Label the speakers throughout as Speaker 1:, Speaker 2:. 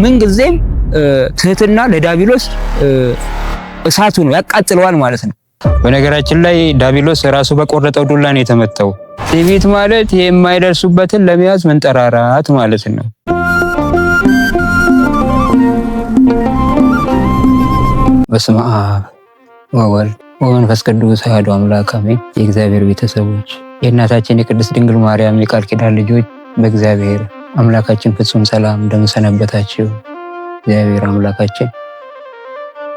Speaker 1: ምንጊዜም ትህትና ለዳቢሎስ እሳቱ ነው፣ ያቃጥለዋል ማለት ነው።
Speaker 2: በነገራችን ላይ ዳቢሎስ ራሱ በቆረጠው ዱላ ነው የተመታው። ትዕቢት ማለት የማይደርሱበትን ለመያዝ መንጠራራት ማለት ነው።
Speaker 1: በስመ አብ ወወልድ ወመንፈስ ቅዱስ አሐዱ አምላክ አሜን። የእግዚአብሔር ቤተሰቦች የእናታችን የቅድስት ድንግል ማርያም የቃል ኪዳን ልጆች በእግዚአብሔር አምላካችን ፍጹም ሰላም እንደምሰነበታችሁ። እግዚአብሔር አምላካችን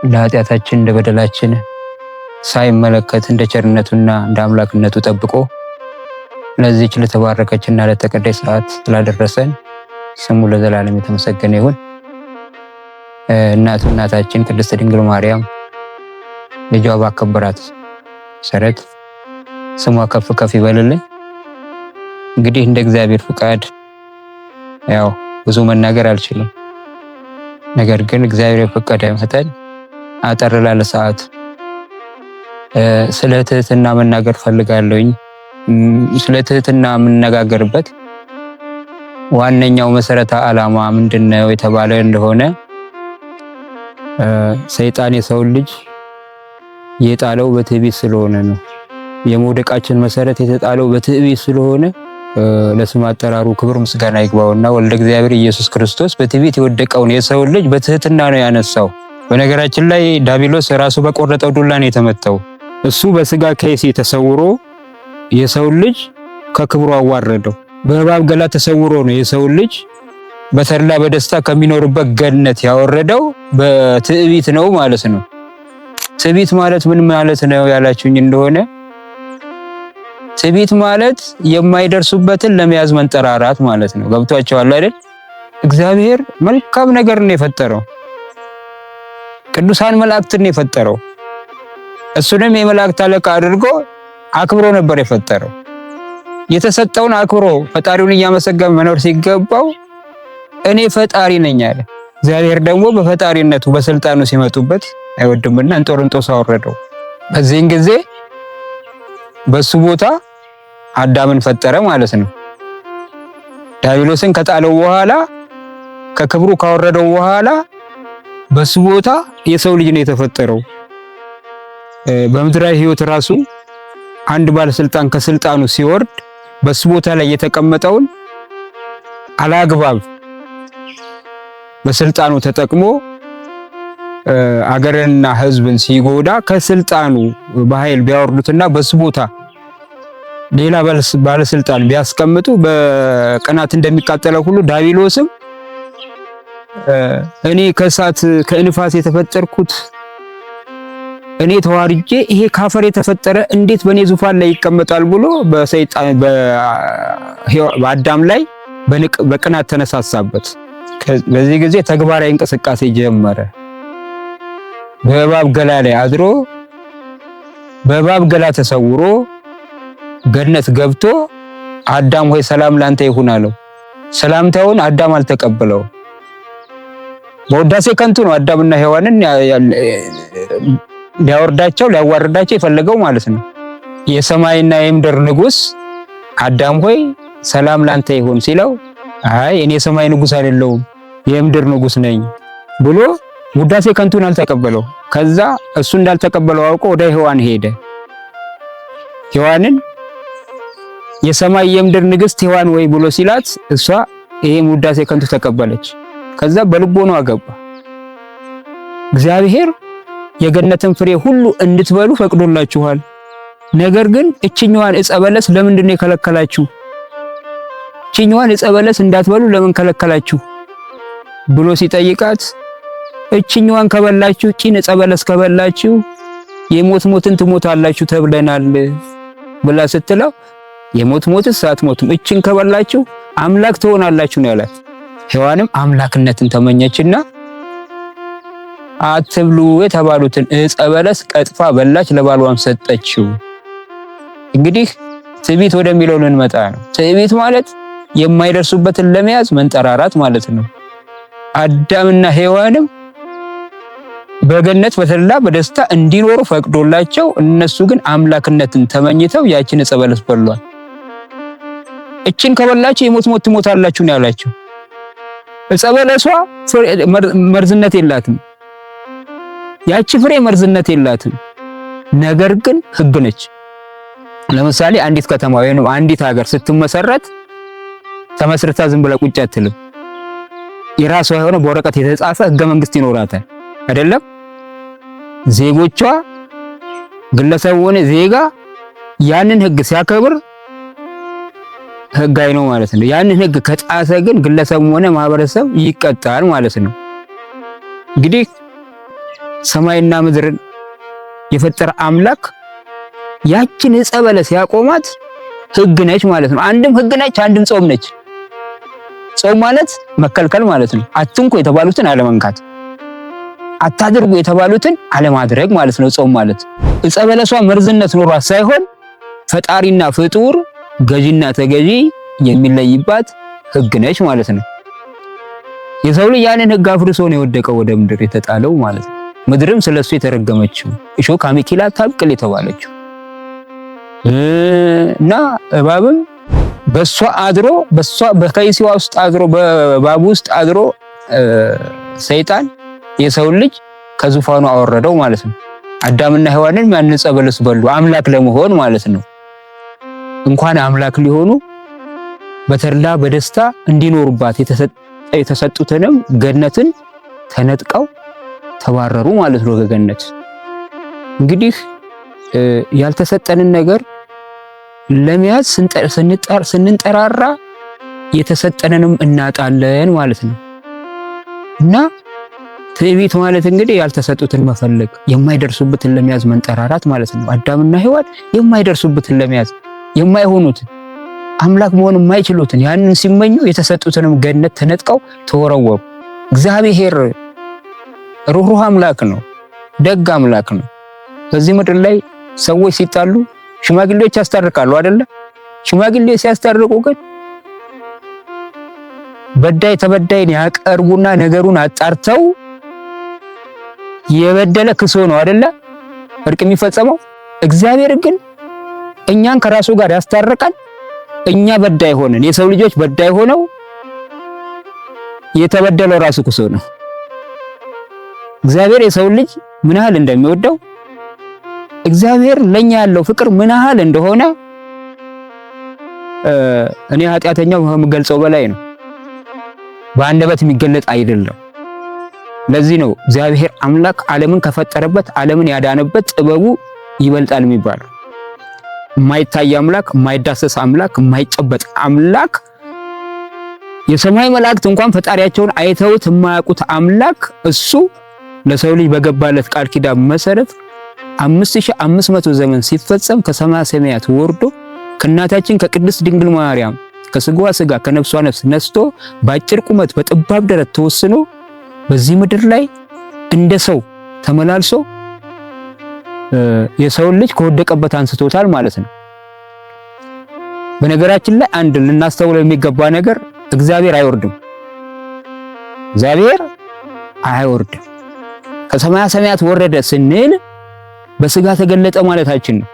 Speaker 1: እንደ ኃጢአታችን እንደ በደላችን ሳይመለከት እንደ ቸርነቱና እንደ አምላክነቱ ጠብቆ ለዚች ለተባረከችና ለተቀደሰች ሰዓት ስላደረሰን ስሙ ለዘላለም የተመሰገነ ይሁን። እናቱ እናታችን ቅድስት ድንግል ማርያም ልጇ ባከበራት መሰረት ስሟ ከፍ ከፍ ይበልልን። እንግዲህ እንደ እግዚአብሔር ፍቃድ ያው ብዙ መናገር አልችልም። ነገር ግን እግዚአብሔር የፈቀደ መጠን አጠር ላለ ሰዓት ስለ ትህትና መናገር ፈልጋለሁኝ። ስለ ትህትና የምነጋገርበት ዋነኛው መሰረተ ዓላማ ምንድነው የተባለ እንደሆነ ሰይጣን የሰውን ልጅ የጣለው በትዕቢት ስለሆነ ነው። የመውደቃችን መሰረት የተጣለው በትዕቢት ስለሆነ ለስም አጠራሩ ክብር ምስጋና ይግባውና ወልደ እግዚአብሔር ኢየሱስ ክርስቶስ በትዕቢት የወደቀውን የሰውን ልጅ በትህትና ነው ያነሳው። በነገራችን ላይ ዳቢሎስ ራሱ በቆረጠው ዱላ ነው የተመታው። እሱ በስጋ ከይሲ ተሰውሮ የሰውን ልጅ ከክብሩ አዋረደው። በእባብ ገላ ተሰውሮ ነው የሰውን ልጅ በተድላ በደስታ ከሚኖርበት ገነት ያወረደው በትዕቢት ነው ማለት ነው። ትዕቢት ማለት ምን ማለት ነው ያላችሁኝ እንደሆነ ትዕቢት ማለት የማይደርሱበትን ለመያዝ መንጠራራት ማለት ነው። ገብቷቸዋል አይደል? እግዚአብሔር መልካም ነገር ነው የፈጠረው። ቅዱሳን መላእክት ነው የፈጠረው። እሱንም የመላእክት አለቃ አድርጎ አክብሮ ነበር የፈጠረው። የተሰጠውን አክብሮ ፈጣሪውን እያመሰገነ መኖር ሲገባው እኔ ፈጣሪ ነኝ አለ። እግዚአብሔር ደግሞ በፈጣሪነቱ በስልጣኑ ሲመጡበት አይወድምና እንጦርንጦስ አወረደው። በዚህን ጊዜ በሱ ቦታ አዳምን ፈጠረ ማለት ነው። ዲያብሎስን ከጣለው በኋላ ከክብሩ ካወረደው በኋላ በሱ ቦታ የሰው ልጅ ነው የተፈጠረው። በምድራዊ ሕይወት ራሱ አንድ ባለስልጣን ከስልጣኑ ሲወርድ በሱ ቦታ ላይ የተቀመጠውን አላግባብ በስልጣኑ ተጠቅሞ አገርንና ህዝብን ሲጎዳ ከስልጣኑ በኃይል ቢያወርዱትና በሱ ቦታ ሌላ ባለስልጣን ቢያስቀምጡ በቅናት እንደሚቃጠለው ሁሉ ዳቢሎስም እኔ ከእሳት ከእንፋስ የተፈጠርኩት እኔ ተዋርጄ ይሄ ካፈር የተፈጠረ እንዴት በእኔ ዙፋን ላይ ይቀመጣል ብሎ በሰይጣን በአዳም ላይ በቅናት ተነሳሳበት። በዚህ ጊዜ ተግባራዊ እንቅስቃሴ ጀመረ። በእባብ ገላ ላይ አድሮ በእባብ ገላ ተሰውሮ ገነት ገብቶ አዳም ሆይ ሰላም ላንተ ይሁን አለው። ሰላምታውን አዳም አልተቀበለው። በውዳሴ ከንቱ ነው አዳምና ሔዋንን ሊያወርዳቸው ሊያዋርዳቸው የፈለገው ማለት ነው። የሰማይና የምድር ንጉስ አዳም ሆይ ሰላም ላንተ ይሁን ሲለው አይ እኔ የሰማይ ንጉስ አይደለሁም የምድር ንጉስ ነኝ ብሎ ውዳሴ ከንቱን አልተቀበለው። ከዛ እሱ እንዳልተቀበለው አውቆ ወደ ሔዋን ሄደ። ሔዋንን የሰማይ የምድር ንግስት ሔዋን ወይ ብሎ ሲላት እሷ ይሄን ውዳሴ ከንቱ ተቀበለች። ከዛ በልቦና አገባ። እግዚአብሔር የገነትን ፍሬ ሁሉ እንድትበሉ ፈቅዶላችኋል። ነገር ግን እችኛዋን ዕፀ በለስ ለምንድን ነው የከለከላችሁ? እችኛዋን ዕፀ በለስ እንዳትበሉ ለምን ከለከላችሁ ብሎ ሲጠይቃት እችኛዋን ከበላችሁ ጭን ጸበለስ ከበላችሁ የሞት ሞትን ትሞታላችሁ ተብለናል ብላ ስትለው የሞት ሞትስ አትሞቱም እችን ከበላችሁ አምላክ ትሆናላችሁ ነው ያላት። ሔዋንም አምላክነትን ተመኘችና አትብሉ የተባሉትን ዕፀ በለስ ቀጥፋ በላች፣ ለባሏም ሰጠችው። እንግዲህ ትዕቢት ወደሚለው ልንመጣ ነው። ትዕቢት ማለት የማይደርሱበትን ለመያዝ መንጠራራት ማለት ነው። አዳምና ሔዋንም በገነት በተድላ በደስታ እንዲኖሩ ፈቅዶላቸው እነሱ ግን አምላክነትን ተመኝተው ያችን ዕፀ በለስ በሏል። እችን ከበላችሁ የሞት ሞት ትሞታላችሁ ነው ያላቸው። ዕፀ በለሷ መርዝነት የላትም፣ ያቺ ፍሬ መርዝነት የላትም። ነገር ግን ሕግ ነች። ለምሳሌ አንዲት ከተማ ወይም አንዲት ሀገር ስትመሰረት ተመስርታ ዝም ብላ ቁጭ አትልም። የራሷ የሆነ በወረቀት የተጻፈ ሕገ መንግስት ይኖራታል አይደለም? ዜጎቿ ግለሰብ ሆነ ዜጋ ያንን ህግ ሲያከብር ህጋዊ ነው ማለት ነው። ያንን ህግ ከጣሰ ግን ግለሰብ ሆነ ማህበረሰብ ይቀጣል ማለት ነው። እንግዲህ ሰማይና ምድርን የፈጠረ አምላክ ያችን ዕፀ በለስ ያቆማት ህግ ነች ማለት ነው። አንድም ህግ ነች፣ አንድም ጾም ነች። ጾም ማለት መከልከል ማለት ነው። አትንኩ የተባሉትን አለመንካት አታድርጉ የተባሉትን አለማድረግ ማለት ነው። ጾም ማለት እጸበለሷ በለሷ መርዝነት ኖሯት ሳይሆን ፈጣሪና ፍጡር ገዢና ተገዢ የሚለይባት ህግ ነች ማለት ነው። የሰው ልጅ ያንን ሕግ አፍርሶ ነው የወደቀው ወደ ምድር የተጣለው ማለት ነው። ምድርም ስለሱ የተረገመችው እሾህ አሜኬላ ታብቅል የተባለችው እና እባብም በሷ አድሮ በሷ በከይሲዋ ውስጥ አድሮ በእባቡ ውስጥ አድሮ ሰይጣን የሰውን ልጅ ከዙፋኑ አወረደው ማለት ነው። አዳምና ሔዋንን ያንጸ በለስ በሉ አምላክ ለመሆን ማለት ነው። እንኳን አምላክ ሊሆኑ በተድላ በደስታ እንዲኖሩባት የተሰጡትንም ገነትን ተነጥቀው ተባረሩ ማለት ነው። ከገነት እንግዲህ ያልተሰጠንን ነገር ለመያዝ ስንንጠራራ የተሰጠንንም እናጣለን ማለት ነው እና ትዕቢት ማለት እንግዲህ ያልተሰጡትን መፈለግ፣ የማይደርሱበትን ለመያዝ መንጠራራት ማለት ነው። አዳምና ሔዋን የማይደርሱበትን ለመያዝ የማይሆኑትን አምላክ መሆን የማይችሉትን ያንን ሲመኙ የተሰጡትንም ገነት ተነጥቀው ተወረወሩ። እግዚአብሔር ሩህሩህ አምላክ ነው፣ ደግ አምላክ ነው። በዚህ ምድር ላይ ሰዎች ሲጣሉ ሽማግሌዎች ያስታርቃሉ አይደለ? ሽማግሌ ሲያስታርቁ ግን በዳይ ተበዳይን ያቀርቡና ነገሩን አጣርተው የበደለ ክሶ ነው አይደለ እርቅ የሚፈጸመው። እግዚአብሔር ግን እኛን ከራሱ ጋር ያስታርቃል። እኛ በዳይ ሆነን የሰው ልጆች በዳይ ሆነው የተበደለው ራሱ ክሶ ነው። እግዚአብሔር የሰው ልጅ ምን ያህል እንደሚወደው እግዚአብሔር ለኛ ያለው ፍቅር ምን ያህል እንደሆነ እኔ ኃጢአተኛው ከምገልጸው በላይ ነው። በአንደበት የሚገለጽ አይደለም። ለዚህ ነው እግዚአብሔር አምላክ ዓለምን ከፈጠረበት ዓለምን ያዳነበት ጥበቡ ይበልጣል የሚባለው። የማይታይ አምላክ፣ የማይዳሰስ አምላክ፣ የማይጨበጥ አምላክ የሰማይ መላእክት እንኳን ፈጣሪያቸውን አይተውት የማያውቁት አምላክ እሱ ለሰው ልጅ በገባለት ቃል ኪዳን መሰረት 5500 ዘመን ሲፈጸም ከሰማያ ሰማያት ወርዶ ከእናታችን ከቅድስት ድንግል ማርያም ከስጋዋ ስጋ ከነፍሷ ነፍስ ነስቶ በአጭር ቁመት በጠባብ ደረት ተወስኖ በዚህ ምድር ላይ እንደ ሰው ተመላልሶ የሰውን ልጅ ከወደቀበት አንስቶታል ማለት ነው። በነገራችን ላይ አንድ ልናስተውለው የሚገባ ነገር እግዚአብሔር አይወርድም። እግዚአብሔር አይወርድም። ከሰማያ ሰማያት ወረደ ስንል በስጋ ተገለጠ ማለታችን ነው።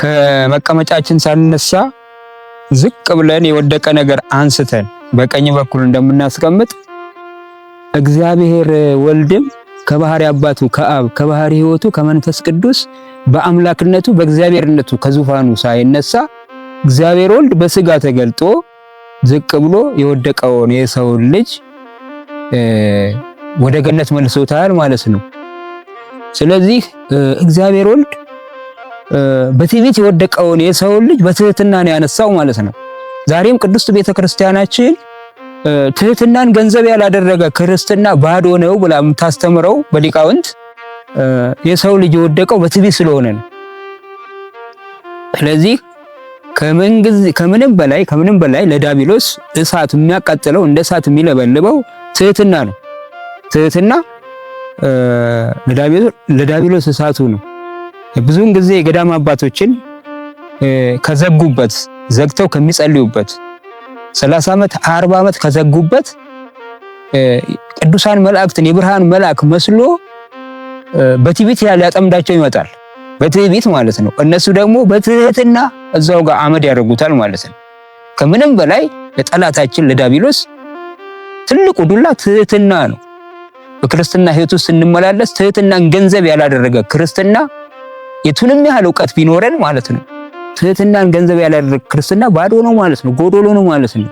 Speaker 1: ከመቀመጫችን ሳንነሳ ዝቅ ብለን የወደቀ ነገር አንስተን በቀኝ በኩል እንደምናስቀምጥ እግዚአብሔር ወልድም ከባህሪ አባቱ ከአብ ከባህሪ ህይወቱ ከመንፈስ ቅዱስ በአምላክነቱ በእግዚአብሔርነቱ ከዙፋኑ ሳይነሳ እግዚአብሔር ወልድ በስጋ ተገልጦ ዝቅ ብሎ የወደቀውን የሰውን ልጅ ወደ ገነት መልሶታል ማለት ነው። ስለዚህ እግዚአብሔር ወልድ በትዕቢት የወደቀውን የሰውን ልጅ በትህትና ነው ያነሳው ማለት ነው። ዛሬም ቅድስት ቤተክርስቲያናችን ትህትናን ገንዘብ ያላደረገ ክርስትና ባዶ ነው ብላ የምታስተምረው በሊቃውንት የሰው ልጅ የወደቀው በትዕቢት ስለሆነ ነው። ስለዚህ ከምንም በላይ ከምንም በላይ ለዳቢሎስ እሳት የሚያቃጥለው እንደ እሳት የሚለበልበው ትህትና ነው። ትህትና ለዳቢሎስ እሳቱ ነው። ብዙውን ጊዜ የገዳም አባቶችን ከዘጉበት ዘግተው ከሚጸልዩበት 30 ዓመት 40 ዓመት ከዘጉበት ቅዱሳን መላእክትን የብርሃን መልአክ መስሎ በትዕቢት ሊያጠምዳቸው ይመጣል። በትዕቢት ማለት ነው። እነሱ ደግሞ በትህትና እዛው ጋር አመድ ያደርጉታል ማለት ነው። ከምንም በላይ ለጠላታችን ለዳቢሎስ ትልቁ ዱላ ትህትና ነው። በክርስትና ህይወት ውስጥ ስንመላለስ ትህትናን ገንዘብ ያላደረገ ክርስትና የቱንም ያህል እውቀት ቢኖረን ማለት ነው ትህትናን ገንዘብ ያላደረግ ክርስትና ባዶ ነው ማለት ነው፣ ጎዶሎ ነው ማለት ነው።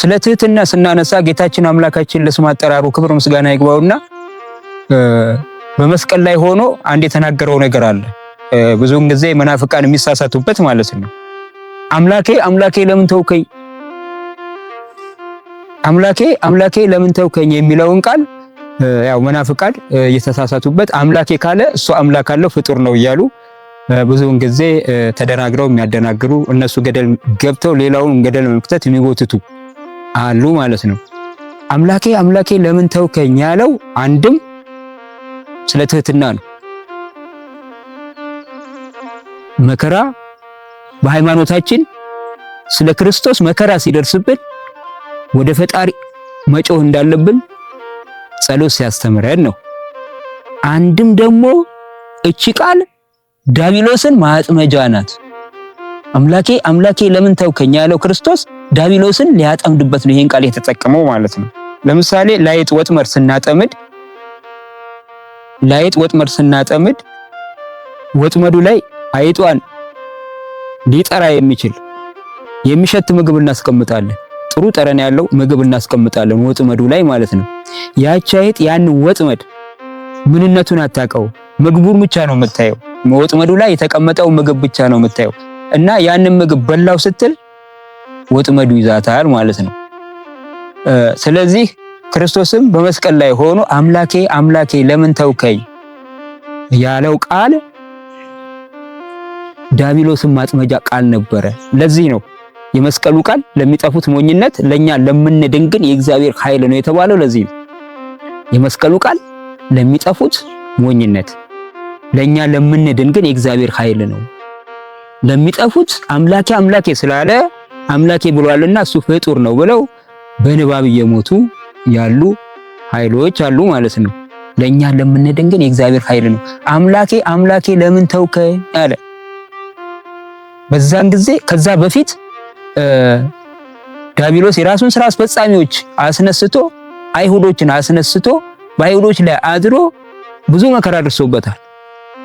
Speaker 1: ስለ ትህትና ስናነሳ ጌታችን አምላካችን ለስም አጠራሩ ክብር ምስጋና ይግባውና በመስቀል ላይ ሆኖ አንድ የተናገረው ነገር አለ። ብዙውን ጊዜ መናፍቃን የሚሳሳቱበት ማለት ነው። አምላኬ አምላኬ ለምን ተውከኝ፣ አምላኬ አምላኬ ለምን ተውከኝ የሚለውን ቃል ያው መናፍቃን እየተሳሳቱበት አምላኬ ካለ እሱ አምላክ አለው ፍጡር ነው እያሉ ብዙውን ጊዜ ተደናግረው የሚያደናግሩ እነሱ ገደል ገብተው ሌላውን ገደል መክተት የሚጎትቱ አሉ ማለት ነው። አምላኬ አምላኬ ለምን ተውከኝ ያለው አንድም ስለ ትህትና ነው። መከራ በሃይማኖታችን ስለ ክርስቶስ መከራ ሲደርስብን ወደ ፈጣሪ መጮህ እንዳለብን ጸሎት ሲያስተምረን ነው። አንድም ደግሞ እቺ ቃል ዳቢሎስን ማጥመጃ ናት። አምላኬ አምላኬ ለምን ተውከኝ ያለው ክርስቶስ ዳቢሎስን ሊያጠምድበት ነው ይሄን ቃል የተጠቀመው ማለት ነው። ለምሳሌ ላይጥ ወጥመድ ስናጠምድ ላይጥ ወጥመድ ስናጠምድ ወጥመዱ ላይ አይጧን ሊጠራ የሚችል የሚሸት ምግብ እናስቀምጣለን። ጥሩ ጠረን ያለው ምግብ እናስቀምጣለን ወጥመዱ ላይ ማለት ነው። ያቺ አይጥ ያን ወጥመድ ምንነቱን አታውቀው፣ ምግቡን ብቻ ነው የምታየው። ወጥመዱ ላይ የተቀመጠው ምግብ ብቻ ነው የምታየው እና ያንን ምግብ በላው ስትል ወጥመዱ ይዛታል ማለት ነው። ስለዚህ ክርስቶስም በመስቀል ላይ ሆኖ አምላኬ አምላኬ ለምን ተውከኝ ያለው ቃል ዲያብሎስን ማጥመጃ ቃል ነበረ። ለዚህ ነው የመስቀሉ ቃል ለሚጠፉት ሞኝነት ለኛ ለምንድን ግን የእግዚአብሔር ኃይል ነው የተባለው። ለዚህ የመስቀሉ ቃል ለሚጠፉት ሞኝነት ለኛ ለምንድን ግን የእግዚአብሔር ኃይል ነው። ለሚጠፉት አምላኬ አምላኬ ስላለ አምላኬ ብሏልና እሱ ፍጡር ነው ብለው በንባብ እየሞቱ ያሉ ኃይሎች አሉ ማለት ነው። ለኛ ለምንድን ግን የእግዚአብሔር ኃይል ነው። አምላኬ አምላኬ ለምን ተውከኝ አለ። በዛን ጊዜ ከዛ በፊት ዳቢሎስ የራሱን ስራ አስፈጻሚዎች አስነስቶ አይሁዶችን አስነስቶ በአይሁዶች ላይ አድሮ ብዙ መከራ ደርሶበታል።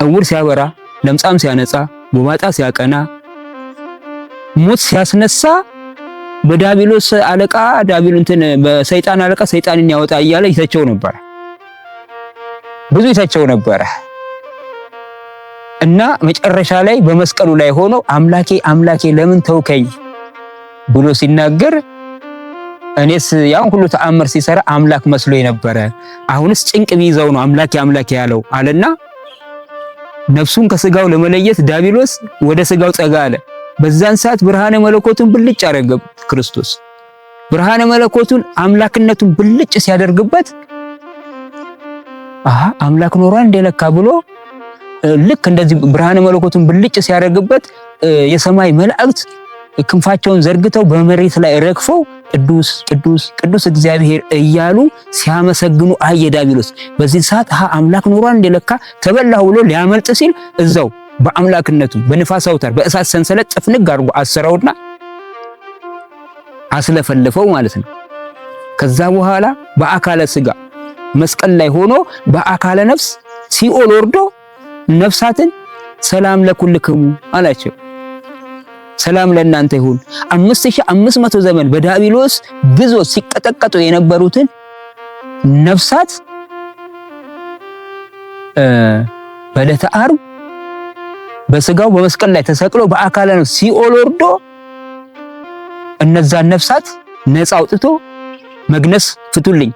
Speaker 1: እውር ሲያበራ፣ ለምጻም ሲያነጻ፣ ጎባጣ ሲያቀና፣ ሙት ሲያስነሳ በዳቢሎስ አለቃ ዳቢሎንትን በሰይጣን አለቃ ሰይጣንን ያወጣ እያለ ይተቸው ነበር። ብዙ ይተቸው ነበረ እና መጨረሻ ላይ በመስቀሉ ላይ ሆኖ አምላኬ አምላኬ ለምን ተውከኝ ብሎ ሲናገር እኔስ ያን ሁሉ ተአምር ሲሰራ አምላክ መስሎ የነበረ አሁንስ ጭንቅ ቢይዘው ነው አምላክ አምላክ ያለው አለና ነፍሱን ከስጋው ለመለየት ዳቢሎስ ወደ ስጋው ጸጋ አለ። በዛን ሰዓት ብርሃነ መለኮቱን ብልጭ አደረገ ክርስቶስ። ብርሃነ መለኮቱን አምላክነቱን ብልጭ ሲያደርግበት አሃ አምላክ ኖሯን እንደለካ ብሎ ልክ እንደዚህ ብርሃነ መለኮቱን ብልጭ ሲያደርግበት የሰማይ መላእክት ክንፋቸውን ዘርግተው በመሬት ላይ ረግፈው ቅዱስ ቅዱስ ቅዱስ እግዚአብሔር እያሉ ሲያመሰግኑ አየ ዲያብሎስ። በዚህ ሰዓት ሀ አምላክ ኑሯን እንደለካ ተበላሁ ብሎ ሊያመልጥ ሲል እዛው በአምላክነቱ በንፋስ አውታር በእሳት ሰንሰለት ጥፍንግ አድርጎ አሰራውና አስለፈለፈው ማለት ነው። ከዛ በኋላ በአካለ ስጋ መስቀል ላይ ሆኖ በአካለ ነፍስ ሲኦል ወርዶ ነፍሳትን ሰላም ለኩልክሙ አላቸው። ሰላም ለእናንተ ይሁን። 5500 ዘመን በዳቢሎስ ግዞት ሲቀጠቀጡ የነበሩትን ነፍሳት በዕለተ ዓርብ በስጋው በመስቀል ላይ ተሰቅሎ በአካለ ነው ሲኦል ወርዶ እነዛን ነፍሳት ነፃ አውጥቶ መግነስ ፍቱልኝ፣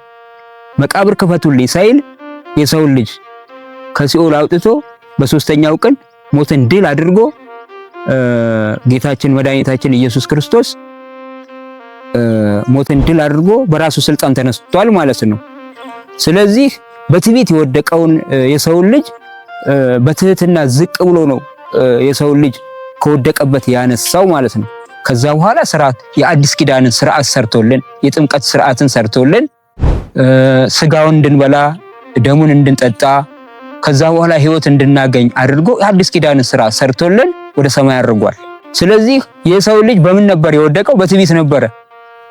Speaker 1: መቃብር ክፈቱልኝ ሳይል የሰውን ልጅ ከሲኦል አውጥቶ በሶስተኛው ቀን ሞትን ድል አድርጎ ጌታችን መድኃኒታችን ኢየሱስ ክርስቶስ ሞትን ድል አድርጎ በራሱ ስልጣን ተነስቷል ማለት ነው። ስለዚህ በትዕቢት የወደቀውን የሰውን ልጅ በትህትና ዝቅ ብሎ ነው የሰውን ልጅ ከወደቀበት ያነሳው ማለት ነው። ከዛ በኋላ ስርዓት የአዲስ ኪዳንን ስርዓት ሰርቶልን የጥምቀት ስርዓትን ሰርቶልን ስጋውን እንድንበላ ደሙን እንድንጠጣ ከዛ በኋላ ህይወት እንድናገኝ አድርጎ የአዲስ ኪዳን ስራ ሰርቶልን ወደ ሰማይ አድርጓል። ስለዚህ የሰው ልጅ በምን ነበር የወደቀው? በትዕቢት ነበረ።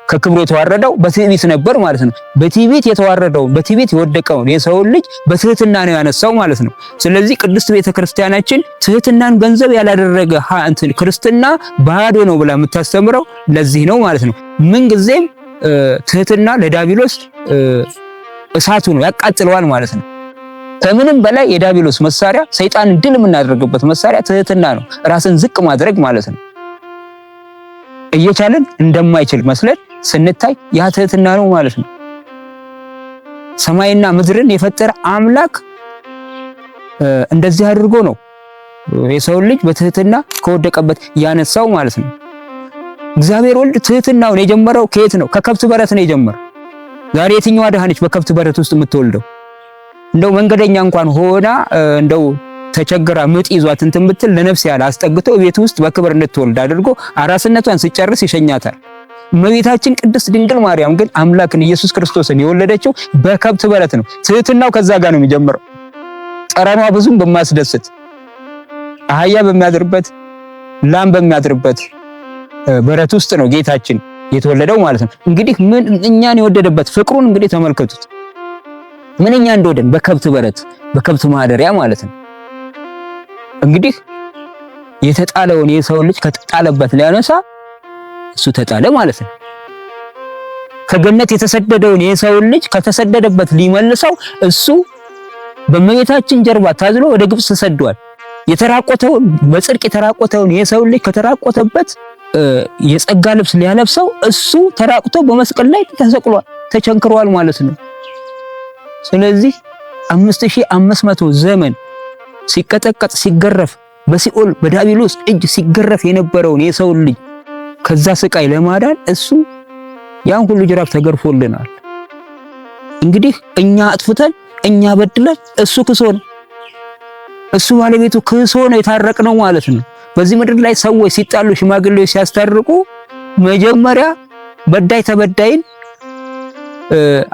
Speaker 1: ከክብሩ የተዋረደው በትዕቢት ነበር ማለት ነው። በትዕቢት የተዋረደውን በትዕቢት የወደቀውን የሰውን ልጅ በትህትና ነው ያነሳው ማለት ነው። ስለዚህ ቅድስት ቤተክርስቲያናችን ትህትናን ገንዘብ ያላደረገ እንትን ክርስትና ባዶ ነው ብላ የምታስተምረው ለዚህ ነው ማለት ነው። ምንጊዜም ትህትና ለዳቢሎስ እሳቱ ነው ያቃጥለዋል ማለት ነው። ከምንም በላይ የዲያብሎስ መሳሪያ ሰይጣንን ድል የምናደርግበት መሳሪያ ትህትና ነው። ራስን ዝቅ ማድረግ ማለት ነው። እየቻለን እንደማይችል መስለን ስንታይ ያ ትህትና ነው ማለት ነው። ሰማይና ምድርን የፈጠረ አምላክ እንደዚህ አድርጎ ነው የሰውን ልጅ በትህትና ከወደቀበት ያነሳው ማለት ነው። እግዚአብሔር ወልድ ትህትናውን የጀመረው ከየት ነው? ከከብት በረት ነው የጀመረው። ዛሬ የትኛዋ ድሃ ነች በከብት በረት ውስጥ የምትወልደው? እንደው መንገደኛ እንኳን ሆና እንደው ተቸግራ ምጥ ይዟት እንትን ብትል ለነፍስ ያለ አስጠግቶ ቤት ውስጥ በክብር እንድትወልድ አድርጎ አራስነቷን ሲጨርስ ይሸኛታል። እመቤታችን ቅድስት ድንግል ማርያም ግን አምላክን ኢየሱስ ክርስቶስን የወለደችው በከብት በረት ነው። ትህትናው ከዛ ጋር ነው የሚጀምረው። ጠረኗ ብዙም በማያስደስት አህያ በሚያድርበት ላም በሚያድርበት በረት ውስጥ ነው ጌታችን የተወለደው ማለት ነው። እንግዲህ ምን እኛን የወደደበት ፍቅሩን እንግዲህ ተመልከቱት። ምንኛ እንደወደን በከብት በረት በከብት ማደሪያ ማለት ነው። እንግዲህ የተጣለውን የሰውን ልጅ ከተጣለበት ሊያነሳ እሱ ተጣለ ማለት ነው። ከገነት የተሰደደውን የሰውን ልጅ ከተሰደደበት ሊመልሰው እሱ በመቤታችን ጀርባ ታዝሎ ወደ ግብጽ ተሰዷል። የተራቆተውን በጽድቅ የተራቆተውን የሰው ልጅ ከተራቆተበት የጸጋ ልብስ ሊያለብሰው እሱ ተራቅቶ በመስቀል ላይ ተሰቅሏል፣ ተቸንክሯል ማለት ነው። ስለዚህ 5500 ዘመን ሲቀጠቀጥ ሲገረፍ በሲኦል በዳቢሎስ እጅ ሲገረፍ የነበረውን የሰው ልጅ ከዛ ስቃይ ለማዳን እሱ ያን ሁሉ ጅራፍ ተገርፎልናል። እንግዲህ እኛ አጥፍተን እኛ በድለን እሱ ክሶን እሱ ባለቤቱ ክሶ ነው የታረቅነው ማለት ነው። በዚህ ምድር ላይ ሰዎች ሲጣሉ፣ ሽማግሌዎች ሲያስታርቁ መጀመሪያ በዳይ ተበዳይን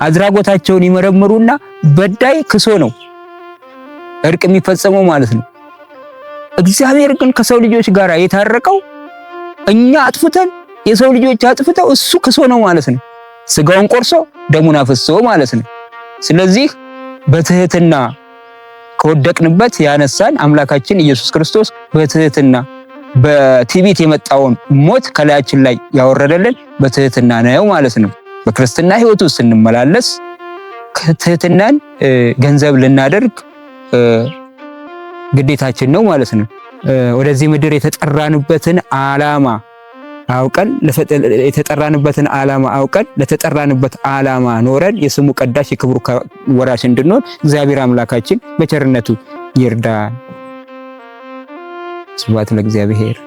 Speaker 1: አድራጎታቸውን ይመረምሩና በዳይ ክሶ ነው እርቅ የሚፈጸመው ማለት ነው። እግዚአብሔር ግን ከሰው ልጆች ጋር የታረቀው እኛ አጥፍተን የሰው ልጆች አጥፍተው እሱ ክሶ ነው ማለት ነው። ስጋውን ቆርሶ ደሙን አፈሶ ማለት ነው። ስለዚህ በትህትና ከወደቅንበት ያነሳን አምላካችን ኢየሱስ ክርስቶስ በትህትና በትዕቢት የመጣውን ሞት ከላያችን ላይ ያወረደልን በትህትና ነው ማለት ነው። በክርስትና ህይወቱ ስንመላለስ ትህትናን ገንዘብ ልናደርግ ግዴታችን ነው ማለት ነው። ወደዚህ ምድር የተጠራንበትን ዓላማ አውቀን የተጠራንበትን ዓላማ አውቀን ለተጠራንበት ዓላማ ኖረን የስሙ ቀዳሽ የክብሩ ወራሽ እንድንሆን እግዚአብሔር አምላካችን በቸርነቱ ይርዳ። ስብሐት ለእግዚአብሔር።